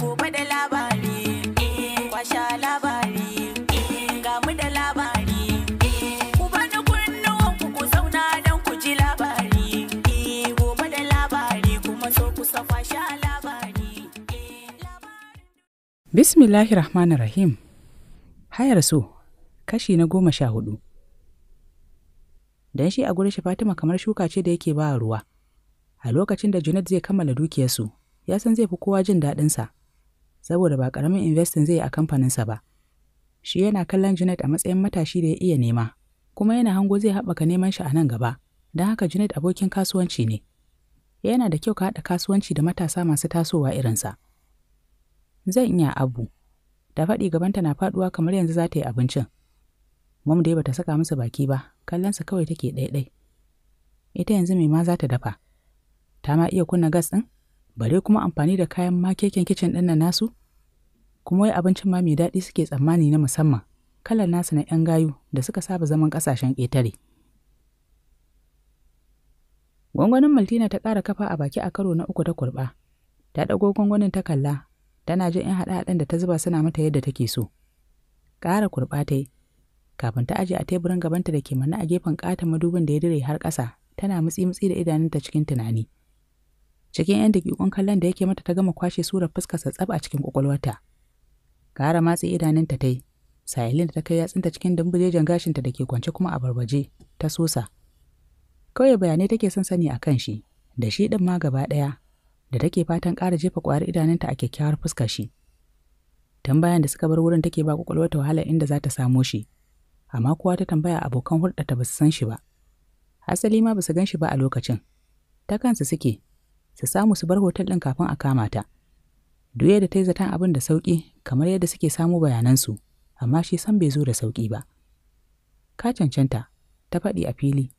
gobe da labari eh, kwasha labari eh, ga mu da labari eh, ku bani kunnuwan ku ku zauna don ku ji labari gobe da labari kuma so ku sa kwasha labari bismillahir rahmanir rahim hayar so kashi na goma sha hudu don shi a gurin shi Fatima kamar shuka ce da yake ba ruwa. A lokacin da Junaid zai kammala dukiyarsu, ya san zai fi kowa jin daɗinsa, saboda ba ƙaramin investin zai yi a kamfaninsa ba. Shi yana kallon Junet a matsayin matashi da ya iya nema, kuma yana hango zai haɓaka neman shi a nan gaba, don haka Junet abokin kasuwanci ne. Yana da kyau ka haɗa kasuwanci da matasa masu tasowa irinsa. Zan iya abu, ta faɗi gabanta na faɗuwa kamar yanzu za ta yi abincin. Mom dai bata saka masa baki ba, kallon sa kawai take ɗaiɗai. Ita yanzu mai ma za ta dafa. Ta ma iya kunna gas ɗin? Bare kuma amfani da kayan makeken kicin ɗin nan nasu? kuma wai abincin ma mai daɗi suke tsammani na musamman kalar nasu na 'yan gayu da suka saba zaman ƙasashen ƙetare. Gwangwanin Maltina ta ƙara kafa a baki a karo na uku ta kurɓa. Ta ɗago gwangwanin ta kalla, tana jin 'yan haɗe-haɗen da ta zuba suna mata yadda take so. Ƙara kurɓa ta yi, kafin ta aje a teburin gabanta da ke manna a gefen ƙaton madubin da ya dire har ƙasa, tana mutsi-mutsi da idanunta cikin tunani. Cikin 'yan daƙiƙun kallon da yake mata ta gama kwashe surar fuskarsa tsab a cikin ƙwaƙwalwarta. Kara matse idanunta ta yi. Sahilin ta kai yatsunta cikin dambulejen gashinta da ke kwance kuma a barbaje ta sosa. Kawai bayanai take son sani a kan shi, da shi ɗin ma gaba ɗaya, da take fatan ƙara jefa ƙwayar idanunta a kyakkyawar fuskar shi. bayan da suka bar wurin take ba ta wahala inda za ta samo shi, amma kowa ta tambaya abokan hulɗata ba su san shi ba. Asali ma ba su gan shi ba a lokacin. Ta kansu suke, su samu su bar hotel ɗin kafin a kama ta. Duye da ta yi zaton abin da sauƙi kamar yadda suke samo bayanansu, amma shi san bai zo da sauƙi ba. Ka cancanta, ta faɗi a fili.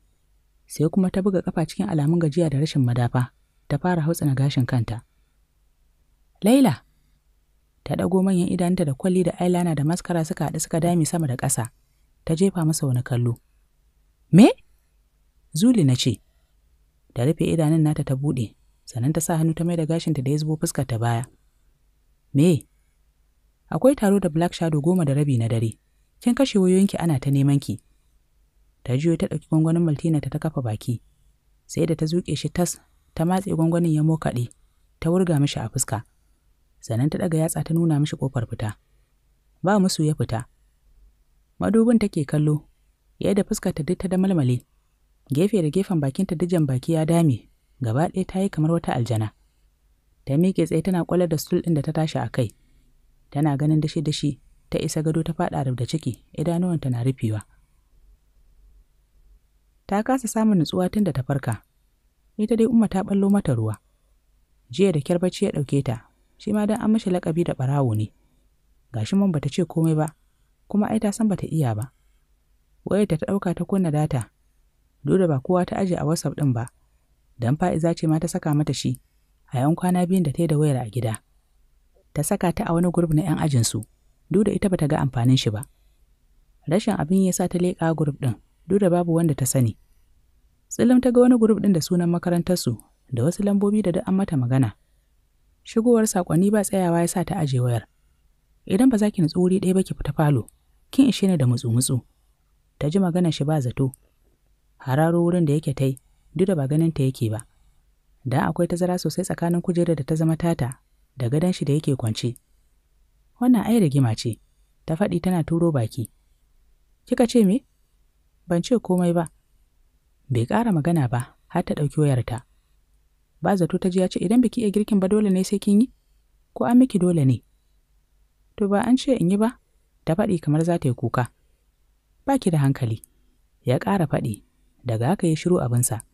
Sai kuma ta buga ƙafa cikin alamun gajiya da rashin madafa, ta fara hautsana gashin kanta. Laila! Ta ɗago manyan idanunta da kwalli da eyeliner da maskara suka haɗu suka dami sama da ƙasa. Ta jefa masa wani kallo. Me? Zuli na ce. Da rufe idanun nata ta buɗe, sannan ta sa hannu ta mai da gashinta da ya zubo fuskar ta baya. Me? Akwai taro da Black Shadow goma da rabi na dare. Kin kashe wayoyinki ana ta neman ki. Ta juyo ta ɗauki gwangwanin Maltina ta kafa baki. Sai da ta zuƙe shi tas, ta matse gwangwanin ya mokaɗe, ta wurga mishi a fuska. Sannan ta ɗaga yatsa ta nuna mishi ƙofar fita. Ba musu ya fita. Madubin take kallo, ya da fuskar ta duk ta malmale. Gefe da gefen bakinta dijan baki ya dame, gaba ɗaya ta yi kamar wata aljana. ta miƙe tsaye tana kwalar da stool ɗin da ta tashi a kai tana ganin dashi-dashi ta isa gado ta faɗa da ciki idanuwanta na rufewa ta kasa samun nutsuwa tun da ta farka ita dai umma ta ɓallo mata ruwa jiya da kyar bacci ya ɗauke ta shi ma dan an mashi lakabi da ɓarawo ne gashi mun bata ce komai ba kuma ai ta san bata iya ba wayar ta ɗauka ta kunna data dole ba kowa ta aje a whatsapp ɗin ba dan fa'iza ce ma ta saka mata shi a yan kwana biyun da ta yi da wayar a gida. Ta saka ta a wani gurb na 'yan ajinsu, duk da ita bata ga amfanin shi ba. Rashin abin ya sa ta leƙa gurb ɗin, duk da babu wanda ta sani. Tsilim ta ga wani gurb ɗin da sunan makarantarsu, da wasu lambobi da duk an mata magana. Shigowar saƙonni ba tsayawa ya sa ta aje wayar. Idan ba za ki nutsu wuri ɗaya ba ki fita falo, kin ishe ni da mutsu-mutsu. Ta ji magana shi ba zato. Hararo wurin da yake yi, duk da ba ganin ta yake ba. da akwai tazara sosai tsakanin kujerar da ta zama tata da gadon shi da yake kwance. Wannan ai rigima ce, ta faɗi tana turo baki. Kika ce me? Ban ce komai ba. Bai ƙara magana ba, har ta ɗauki wayarta. Ba zato ta ji ya ce idan biki iya girkin ba dole ne sai kin yi? Ko an miki dole ne? To ba an ce in yi ba, ta faɗi kamar za ta yi kuka. Ba ki da hankali, ya ƙara faɗi, daga haka ya shiru abinsa.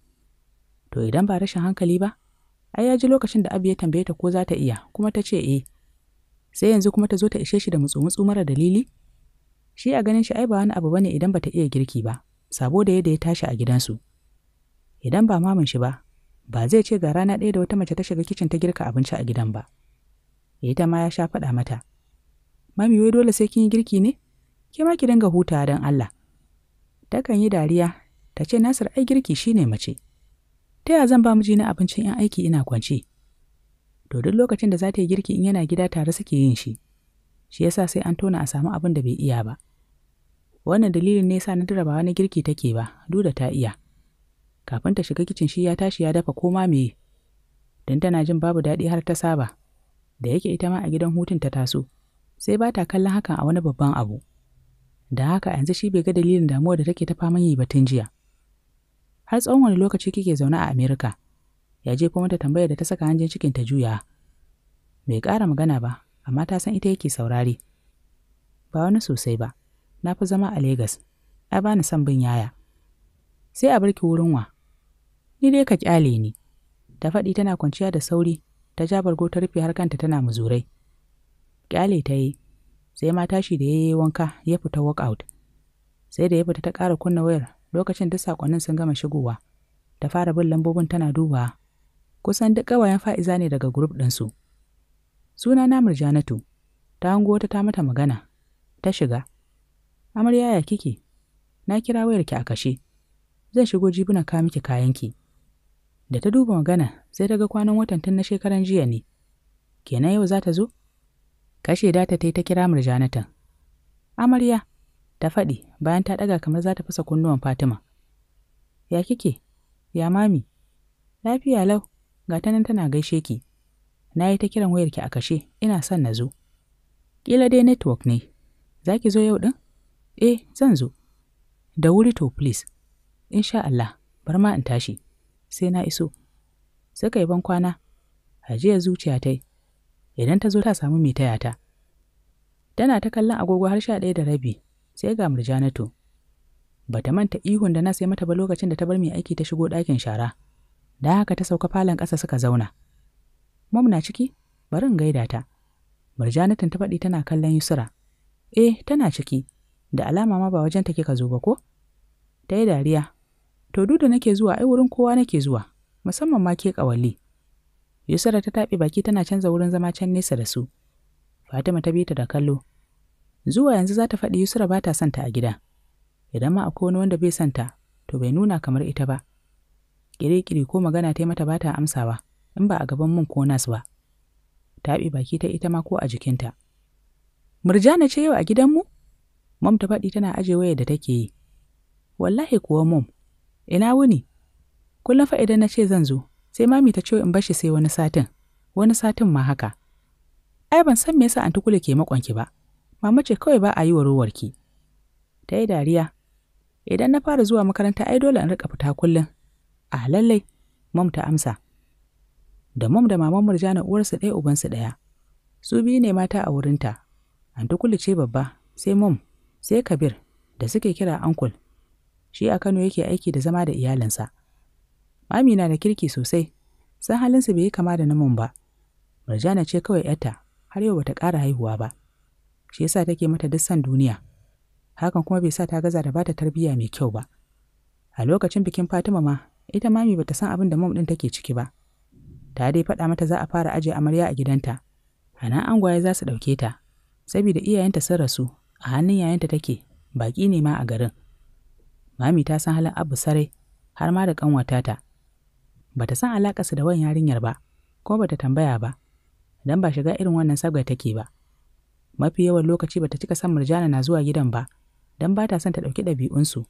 To idan ba rashin hankali ba? Ai ya ji lokacin da Abi ya tambaye ta ko za ta iya, kuma ta ce eh. Sai yanzu kuma ta zo ta ishe shi da mutsu-mutsu mara dalili? Shi a ganin shi ai ba wani abu bane idan ba ta iya girki ba, sabo da yadda ya tashi a gidansu. Idan ba mamin shi ba, ba zai ce ga rana ɗaya da wata mace ta shiga kicin ta girka abinci a gidan ba. Ita ma ya sha faɗa mata. Mami wai dole sai kin yi girki ne? Ke ma ki dinga hutawa don Allah. Takan yi dariya, ta ce Nasir ai girki shine mace. ta yaya zan ba mijina abincin 'yan aiki ina kwance to duk lokacin da za ta yi girki in yana gida tare suke yin shi shi yasa sai an tona a samu abin da bai iya ba wannan dalilin ne yasa na dira ba wani girki take ba duk da ta iya kafin ta shiga kicin shi ya tashi ya dafa koma me dan tana jin babu daɗi har ta saba da yake ita ma a gidan hutun ta taso sai ba ta kallon hakan a wani babban abu da haka yanzu shi bai ga dalilin damuwa da take ta faman yi batun jiya har tsawon wani lokaci kike zaune a Amerika? Ya jefo mata tambayar da ta saka hanjin cikin ta juya. Bai ƙara magana ba, amma ta san ita yake saurari. Ba wani sosai ba, na fi zama a Legas, ai bani son bin yaya. Sai a barki wurin wa. Ni dai ka ƙyale ni. Ta faɗi tana kwanciya da sauri, ta ja bargo ta rufe har kanta tana muzurai. Ƙyale ta yi, sai ma tashi da ya yi wanka ya fita workout. Sai da ya fita ta ƙara kunna wayar lokacin duk sakonnin sun gama shigowa ta fara bin lambobin tana duba. kusan duk ƙawayen fa'iza ne daga grup ɗinsu suna na murjanatu ta hango wata ta mata magana ta shiga amarya ya kike na kira wayarki a kashe zan shigo jibuna ka miki kayanki da ta duba magana sai ta ga kwanan watan tun na shekaran jiya ne kenan yau za ta zo kashe data ta yi ta kira murjanatan amarya ta faɗi bayan ta ɗaga kamar za ta fasa kunnuwan Fatima. Ya kike? Ya mami? Lafiya lau, ga ta nan tana gaishe ki. Na yi ta kiran wayarki a kashe, ina son na zo. Ƙila dai network ne. Za ki zo yau ɗin? Eh, zan zo. Da wuri to please. Insha Allah, bar ma in tashi. Sai na iso. Suka yi ban kwana. Hajiya zuciya ta yi. Idan ta zo ta samu mai taya Tana ta kallon agogo har sha ɗaya da rabi. sai ga murjanatu ba ta manta ihun da na sai mata ba lokacin da ta bar mai aiki ta shigo ɗakin shara da haka ta sauka falon ƙasa suka zauna mom na ciki bari in gaida ta Murjanatun ta faɗi tana kallon yusra eh tana ciki da alama ma ba wajen take ka zo ba ko ta yi dariya to duk da nake zuwa ai wurin kowa nake zuwa musamman ma ke ƙawali yusra ta taɓe baki tana canza wurin zama can nesa da su fatima ta bi ta da kallo Zuwa yanzu za ta faɗi Yusra ba ta son ta a gida. Idan ma akwai wani wanda bai son ta, to bai nuna kamar ita ba. ƙiri ko magana ta yi mata bata ta amsawa, in ba a gaban mun ko nas ba. bi baki ta ita ma ko a jikinta. Murjana ce yau a gidan mu? Mom ta faɗi tana aje wayar da take yi. Wallahi kuwa mom, ina wuni? Kullum fa idan na ce zan zo, sai mami ta ce in bashi sai wani satin, wani satin ma haka. Ai ban san me yasa anti kule ke makonki ba. Mama ce kawai ba a yi wa ruwarki Ta yi dariya. Idan na fara zuwa makaranta ai dole in rika fita kullum. A ah, lallai, mam ta amsa. Da mam da maman murjana uwarsu ɗaya ubansu ɗaya. Su biyu ne mata a wurinta. Antukulu ce babba, sai mam, sai Kabir, da suke kira ankul. Shi a Kano yake aiki da zama da iyalinsa. Mami na da kirki sosai, san halinsu bai yi kama da mam ba. Murjana ce kawai ‘yarta, har yau bata ƙara haihuwa ba. shi yasa take mata duk san duniya hakan kuma bai sa ta gaza da bata tarbiyya mai kyau ba a lokacin bikin Fatima ma ita mami bata san abin da mom din take ciki ba ta dai faɗa mata za a fara aje amarya a gidanta a nan angwaye za su ɗauke ta saboda iyayenta sun rasu a hannun yayanta take baƙi ne ma a garin mami ta san halin abu sarai har ma da kanwata ta bata san alaƙarsa da wani yarinyar ba ko bata tambaya ba dan ba shiga irin wannan sabga take ba mafi yawan lokaci bata cika san murjana na zuwa gidan ba dan bata son ta ɗauki ɗabi'unsu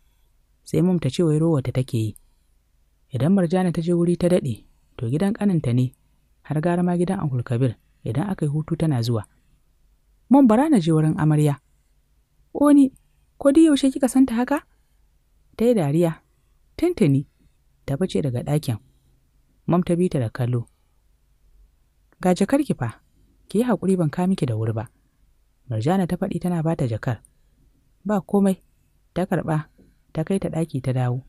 sai mum ta ce wai rowa ta take yi idan murjana ta je wuri ta daɗe to gidan ƙaninta ne har gara ma gidan Uncle Kabir idan aka yi hutu tana zuwa. Mun bara na je wurin amarya. Oni, ko da yaushe kika santa haka? Ta yi dariya, tintini ta bace daga ɗakin. Mam ta bi ta da kallo. Ga jakar ki fa, ki yi haƙuri ban ka miki da wuri ba. Marjana ta faɗi tana bata jakar. Ba komai, ta karɓa, ta kai ta ɗaki ta dawo.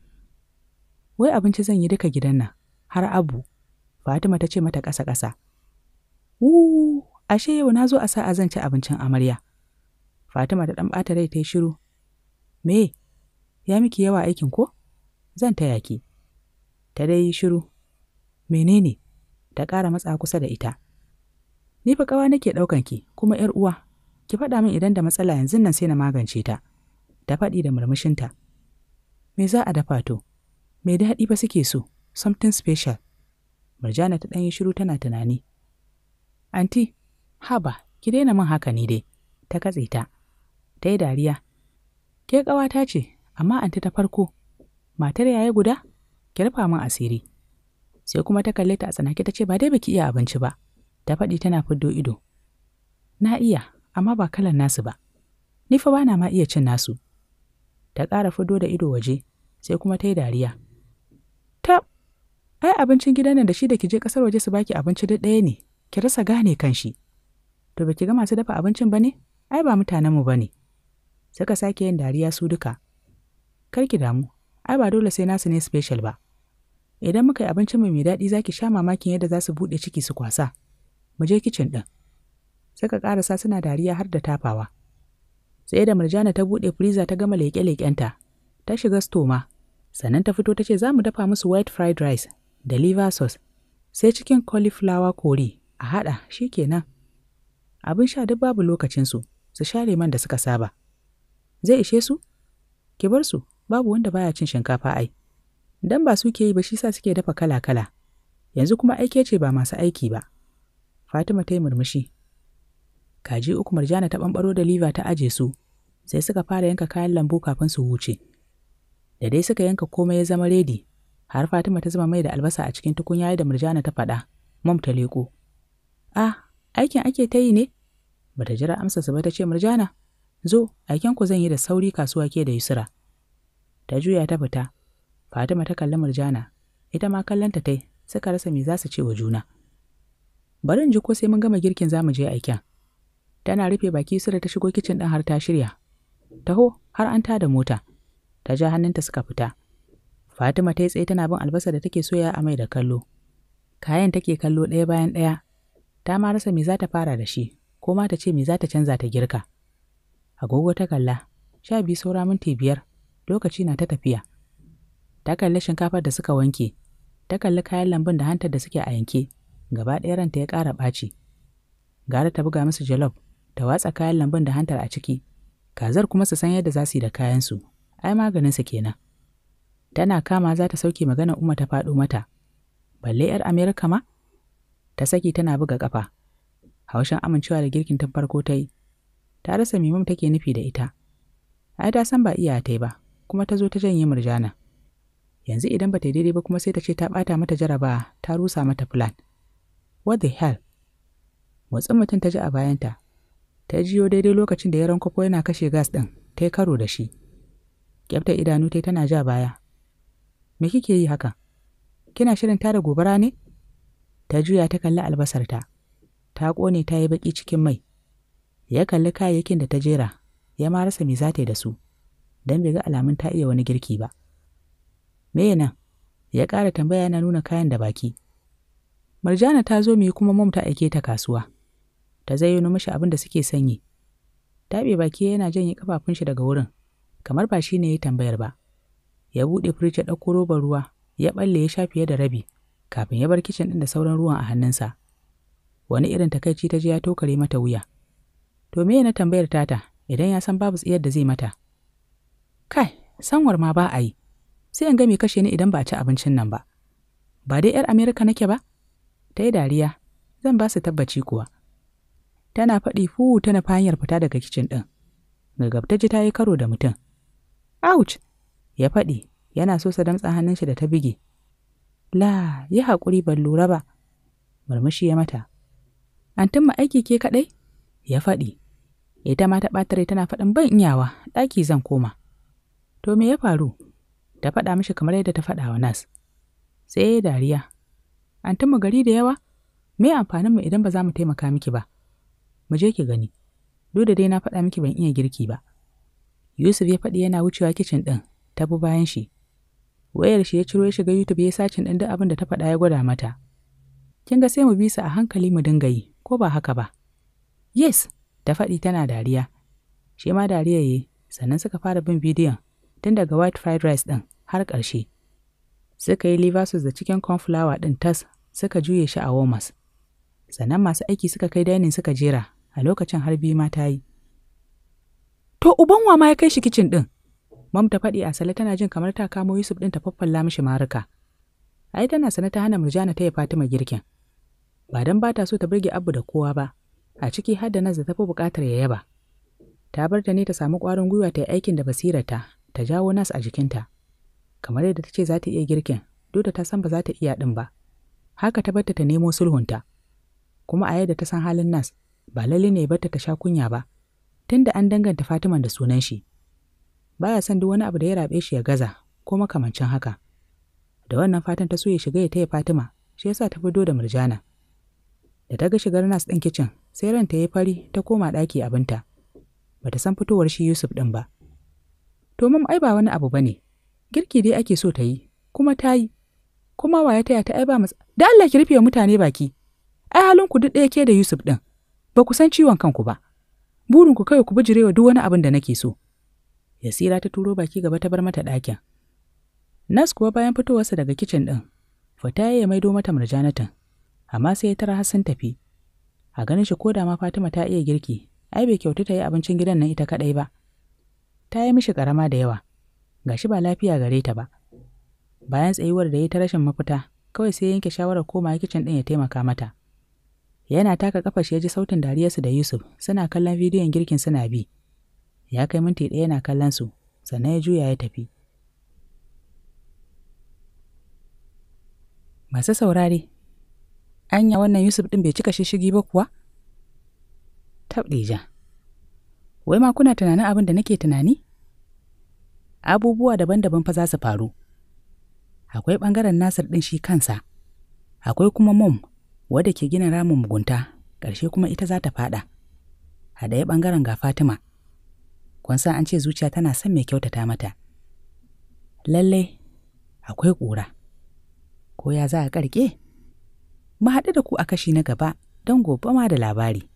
Wai abinci zan yi duka gidan nan, har abu, Fatima ta ce mata ƙasa-ƙasa. Wuuu, ashe yau na zo a sa'a zan ci abincin amarya. Fatima ta ɗan ɓata rai ta yi shiru. Me, ya miki yawa aikin ko? Zan taya ki. Ta dai yi shiru. Menene? Ta ƙara matsa kusa da ita. Ni fa ƙawa nake ɗaukan ki, kuma ‘yar uwa, ki faɗa min idan da matsala yanzu nan sai na magance ta da faɗi da murmushinta me za a dafa to me daɗi ba suke so something special murjana ta ɗan yi shiru tana tunani anti haba ki daina min haka ni dai ta katse ta ta yi dariya ke ƙawata ce amma anti ta farko matar yaya guda ki rufa min asiri sai kuma ta kalle ta a tsanake ta ce ba dai baki iya abinci ba ta faɗi tana fiddo ido na iya amma ba kalan nasu ba. Ni fa bana ma iya cin nasu. Ta ƙara fido da ido waje, sai kuma ta yi dariya. Ta, ai abincin gidan nan da shi da ki je ƙasar waje su baki abinci duk ɗaya ne, ki rasa gane kan shi. To ba ki ga masu dafa abincin ba ne? Ai ba mutanenmu ba ne. Suka sake yin dariya su duka. Kar ki damu, ai ba dole sai nasu ne special ba. Idan muka yi abincinmu mai daɗi za ki sha mamakin yadda za su buɗe ciki su kwasa. Mu je kicin ɗin. suka ƙarasa suna dariya har da tafawa. Sai da Murjana ta buɗe freezer ta gama leƙe-leƙenta, ta shiga stoma, sannan ta fito ta ce za mu dafa musu white fried rice da liver sauce, sai cikin cauliflower kori a haɗa shi kenan. Abin sha duk babu lokacinsu, su share man da suka saba. Zai ishe su? Ki bar su, babu wanda baya cin shinkafa ai. Dan ba su ke yi ba shi sa suke dafa kala-kala. Yanzu kuma aike ce ba masu aiki ba. Fatima ta yi murmushi, kaji uku Marjana ta ɓanɓaro da liva ta aje su, sai suka fara yanka kayan lambu kafin su huce. Da dai suka yanka komai ya zama redi, har Fatima ta zama mai da albasa a cikin tukunya da Murjana ta faɗa, mam ta leƙo. Ah, aikin ake ta yi ne? Bata jira amsa su ba ta ce Murjana, zo, aiken ku zan yi da sauri kasuwa ke da Yusra. Ta juya ta fita, Fatima ta kalli Murjana, ita ma kallonta tai, suka rasa me za su ce wa juna. Bari in ji ko sai mun gama girkin za mu je aikin. tana rufe baki su da ta shigo kicin ɗin har ta shirya taho har an ta da mota ta ja hannunta suka fita fatima ta yi tsaye tana bin albasa da take soya a mai da kallo kayan take kallo ɗaya bayan ɗaya ta ma rasa me za ta fara da shi ko ma ta ce me za ta canza ta girka agogo ta kalla sha biyu saura minti biyar lokaci na ta tafiya ta kalli shinkafar da suka wanke ta kalli kayan lambun da hantar da suke a yanke gaba ɗaya ranta ya ƙara ɓaci gara ta buga musu jalof da watsa kayan lambun da hantar a ciki, kazar kuma su san yadda za su yi da kayansu, ai maganinsa kenan. Tana kama za ta sauke maganar Umma ta faɗo mata, balle 'yar Amerika ma? Ta saki tana buga ƙafa. Haushin amincewa da girkin ta farko ta yi, ta rasa mimim take nufi da ita. Ai ta san ba iya ta yi ba, kuma ta zo ta janye murjana. Yanzu idan ba ta daidai ba kuma sai ta ce ta ɓata mata jaraba ta rusa mata plan. What the hell? Motsin mutum ta ji a bayanta, ta jiyo daidai lokacin da ya rankwafo yana kashe gas ɗin ta yi karo da shi kyabta idanu ta tana ja baya me kike yi haka kina shirin tara gobara ne ta juya ta kalli albasarta ta ƙone ta yi baƙi cikin mai ya kalli kayayyakin da ta jera ya ma rasa me za ta yi da su don bai ga alamun ta iya wani girki ba me nan ya ƙara tambaya yana nuna kayan da baki marjana ta zo mu yi kuma mom ta aike ta kasuwa ta zayyano mashi abin da suke sanyi. Taɓe baki yana janye kafafun shi daga wurin, kamar ba shi ne ya tambayar ba. Ya buɗe firij ya ɗauko robar ruwa, ya ɓalle ya sha fiye da rabi, kafin ya bar kicin ɗin da sauran ruwan a hannunsa. Wani irin takaici ta je ya tokare mata wuya. To me na tambayar tata idan ya san babu tsiyar da zai mata? Kai, sanwar ma ba a yi, sai an me kashe ni idan ba a ci abincin nan ba. Ba dai 'yar Amerika nake ba? Ta yi dariya, zan ba su tabbaci kuwa. tana faɗi fu tana fanyar fita daga kicin ɗin. Gagab ta ji ta yi karo da mutum. Ouch! Ya faɗi, yana so sa damtsa hannun shi da ta bige. La, yi haƙuri ban lura ba. Murmushi ya mata. Antin tumma aiki ke kaɗai? Ya faɗi. Ita ma ta ɓatare tana faɗin ban iyawa, ɗaki zan koma. To me ya faru? Ta faɗa mishi kamar yadda ta faɗa wa Nas. Sai dariya. Antin mu gari da yawa? Me amfanin mu idan ba za mu taimaka miki ba? mu je ki gani duk da dai na faɗa miki ban iya girki ba yusuf ya faɗi yana wucewa kicin ɗin ta bi bayan shi wayar shi ya ciro ya shiga youtube ya sacin ɗin duk abin da ta faɗa ya gwada mata kin ga sai mu bi su a hankali mu dinga yi ko ba haka ba yes ta faɗi tana dariya shi ma dariya yi sannan suka fara bin bidiyon tun daga white fried rice ɗin har ƙarshe suka yi liversus da cikin flour ɗin tas suka juye shi a womas sannan masu aiki suka kai dainin suka jera a lokacin har ma ta yi to uban wa ma ya kai shi kicin ɗin Mamta faɗi a sale tana jin kamar ta kamo yusuf ɗin ta faffalla mishi marika ai tana sana ta hana murjana ta yi fatima girkin ba don ba ta so ta burge abu da kowa ba a ciki har da nazar ta fi buƙatar ya yaba ta bar ta ne ta samu ƙwarin gwiwa ta yi aikin da basirata, ta jawo nas a jikinta kamar yadda ta ce za ta iya girkin duk da ta san ba za ta iya ɗin ba haka ta barta ta nemo sulhunta kuma a yadda ta san halin nas ba lalle ne bata ta sha kunya ba, tunda an danganta Fatima da sunan shi. Baya son duk wani abu da ya raɓe shi ya gaza ko makamancin haka. Da wannan fatan ta so ya shiga ya taya Fatima, shi yasa ta fito da murjana. Da ta ga shigar nas ɗin kicin, sai ranta ya fari ta koma ɗaki abinta. Bata san fitowar shi Yusuf ɗin ba. To mam ai ba wani abu ba ne. Girki dai ake so ta yi, kuma ta yi. Kuma wa ya taya ta ai ba mas... Da Allah ki rufe mutane baki. Ai halinku duk ɗaya ke da Yusuf ɗin. ba ku san ciwon kanku ba burinku kawai ku bijirewa duk wani abin da nake so yasira ta turo baki gaba ta bar mata ɗakin nas kuwa bayan fitowarsa daga kicin ɗin Fata ya maido mata murjanatan amma sai ya tara Hassan tafi a ganin shi koda ma fatima ta iya girki ai bai kyautu ta yi abincin gidan nan ita kaɗai ba ta yi mishi ƙarama da yawa Ga shi ba lafiya gare ta ba bayan tsayuwar da ya ta rashin mafita kawai sai yanke shawarar koma kicin ɗin ya taimaka mata Yana taka kafa shi ya ji sautin dariyarsu da Yusuf, suna kallon bidiyon girkin suna bi. Ya kai minti ɗaya yana kallon su, sannan ya juya ya tafi. Masu saurare, anya wannan Yusuf ɗin bai cika shishigi ba kuwa? Tabɗija. Wai ma kuna tunanin abin da nake tunani? Abubuwa daban-daban fa za su faru. Akwai ɓangaren Nasir ɗin shi kansa, akwai kuma mom wadda ke gina ramin mugunta ƙarshe kuma ita za ta faɗa a ɗaya ɓangaren ga fatima kun san an ce zuciya tana son mai kyautata mata lalle akwai ƙura ko ya za a ƙarƙe mu haɗu da ku a kashi na gaba don gobe ma da labari